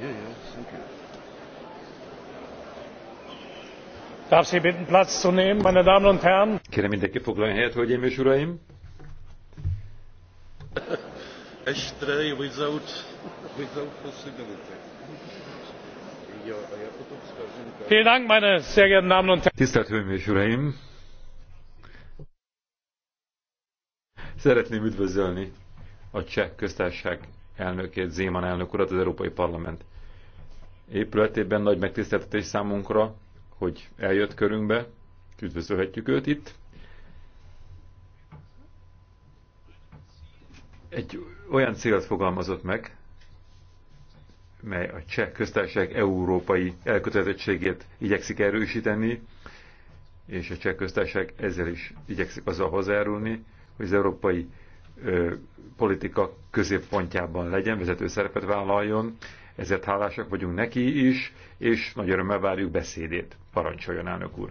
Yeah, yeah, thank you. Darf Sie bitten, Platz zu nehmen, meine Damen und Herren? Kérem mindenki foglaljon helyet, hölgyeim és uraim. Estre without, without possibility. Vielen Dank, meine sehr geehrten Damen und Herren. Tisztelt Hölgyeim és Uraim! Szeretném üdvözölni a cseh köztársaság elnökét, Zéman elnök urat, az Európai Parlament épületében nagy megtiszteltetés számunkra, hogy eljött körünkbe, üdvözölhetjük őt itt. Egy olyan célt fogalmazott meg, mely a cseh köztársaság európai elkötelezettségét igyekszik erősíteni, és a cseh köztársaság ezzel is igyekszik azzal hozzájárulni, hogy az európai ö, politika középpontjában legyen, vezető szerepet vállaljon, ezért hálásak vagyunk neki is, és nagy örömmel várjuk beszédét. Parancsoljon, elnök úr!